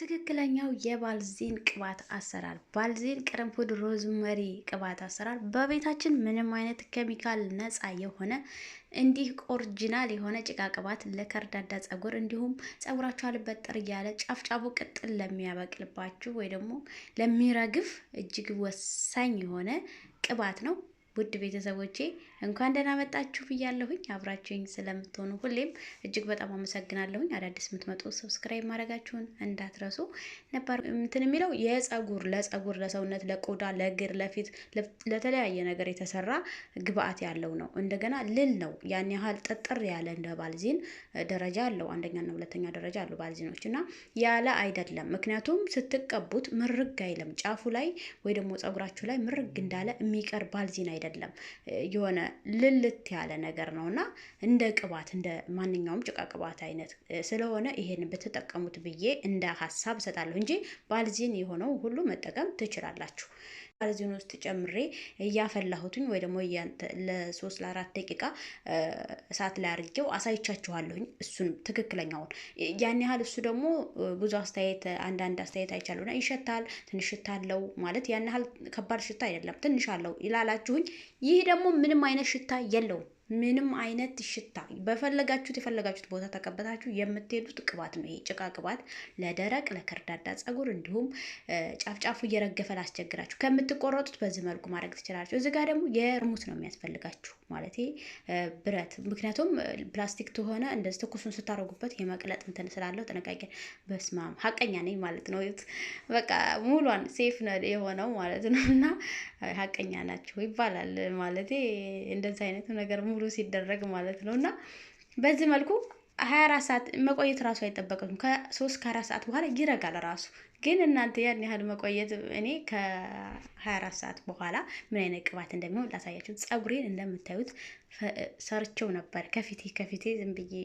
ትክክለኛው የባልዚን ቅባት አሰራር ባልዚን ቅርንፉድ ሮዝመሪ ቅባት አሰራር በቤታችን ምንም አይነት ኬሚካል ነፃ የሆነ እንዲህ ኦሪጂናል የሆነ ጭቃ ቅባት ለከርዳዳ ጸጉር እንዲሁም ጸጉራችሁ አልበጠር እያለ ጫፍጫፉ ቅጥል ለሚያበቅልባችሁ ወይ ደግሞ ለሚረግፍ እጅግ ወሳኝ የሆነ ቅባት ነው። ውድ ቤተሰቦቼ እንኳን ደህና መጣችሁ ብያለሁኝ። አብራችሁኝ ስለምትሆኑ ሁሌም እጅግ በጣም አመሰግናለሁኝ። አዳዲስ የምትመጡ ሰብስክራይብ ማድረጋችሁን እንዳትረሱ። ነባር እንትን የሚለው የጸጉር ለጸጉር ለሰውነት፣ ለቆዳ፣ ለእግር፣ ለፊት፣ ለተለያየ ነገር የተሰራ ግብአት ያለው ነው። እንደገና ልል ነው ያን ያህል ጥጥር ያለ እንደ ባልዚን ደረጃ አለው። አንደኛና ሁለተኛ ደረጃ አሉ ባልዚኖች እና ያለ አይደለም። ምክንያቱም ስትቀቡት ምርግ አይለም። ጫፉ ላይ ወይ ደግሞ ጸጉራችሁ ላይ ምርግ እንዳለ የሚቀር ባልዚን አይደለም። አይደለም፣ የሆነ ልልት ያለ ነገር ነው እና እንደ ቅባት እንደ ማንኛውም ጭቃ ቅባት አይነት ስለሆነ ይሄን ብትጠቀሙት ብዬ እንደ ሀሳብ እሰጣለሁ እንጂ ባልዚን የሆነው ሁሉ መጠቀም ትችላላችሁ። እዚህን ውስጥ ጨምሬ እያፈላሁትኝ ወይ ደግሞ ለሶስት ለአራት ደቂቃ እሳት ላይ አድርጌው አሳይቻችኋለሁኝ። እሱን ትክክለኛውን ያን ያህል እሱ ደግሞ ብዙ አስተያየት አንዳንድ አስተያየት አይቻለሁና ይሸታል፣ ትንሽ ሽታ አለው ማለት ያን ያህል ከባድ ሽታ አይደለም፣ ትንሽ አለው ይላላችሁኝ። ይህ ደግሞ ምንም አይነት ሽታ የለውም። ምንም አይነት ሽታ በፈለጋችሁት የፈለጋችሁት ቦታ ተቀበታችሁ የምትሄዱት ቅባት ነው። ይሄ ጭቃ ቅባት ለደረቅ ለከርዳዳ ጸጉር እንዲሁም ጫፍጫፉ እየረገፈ ላስቸግራችሁ ከምትቆረጡት በዚህ መልኩ ማድረግ ትችላላችሁ። እዚህ ጋር ደግሞ የእርሙስ ነው የሚያስፈልጋችሁ ማለት ብረት፣ ምክንያቱም ፕላስቲክ ተሆነ እንደዚህ ትኩሱን ስታረጉበት የመቅለጥ እንትን ስላለው ጥንቃቄ። በስማም ሀቀኛ ነኝ ማለት ነው። በቃ ሙሏን ሴፍ የሆነው ማለት ነው እና ሀቀኛ ናቸው ይባላል ማለት እንደዚህ አይነት ነገር ተብሎ ሲደረግ ማለት ነው እና በዚህ መልኩ ሀያ አራት ሰዓት መቆየት ራሱ አይጠበቅም። ከሶስት ከአራት ሰዓት በኋላ ይረጋል ራሱ። ግን እናንተ ያን ያህል መቆየት እኔ ከሀያ አራት ሰዓት በኋላ ምን አይነት ቅባት እንደሚሆን ላሳያችሁ። ጸጉሬን እንደምታዩት ሰርቸው ነበር ከፊቴ ከፊቴ ዝም ብዬ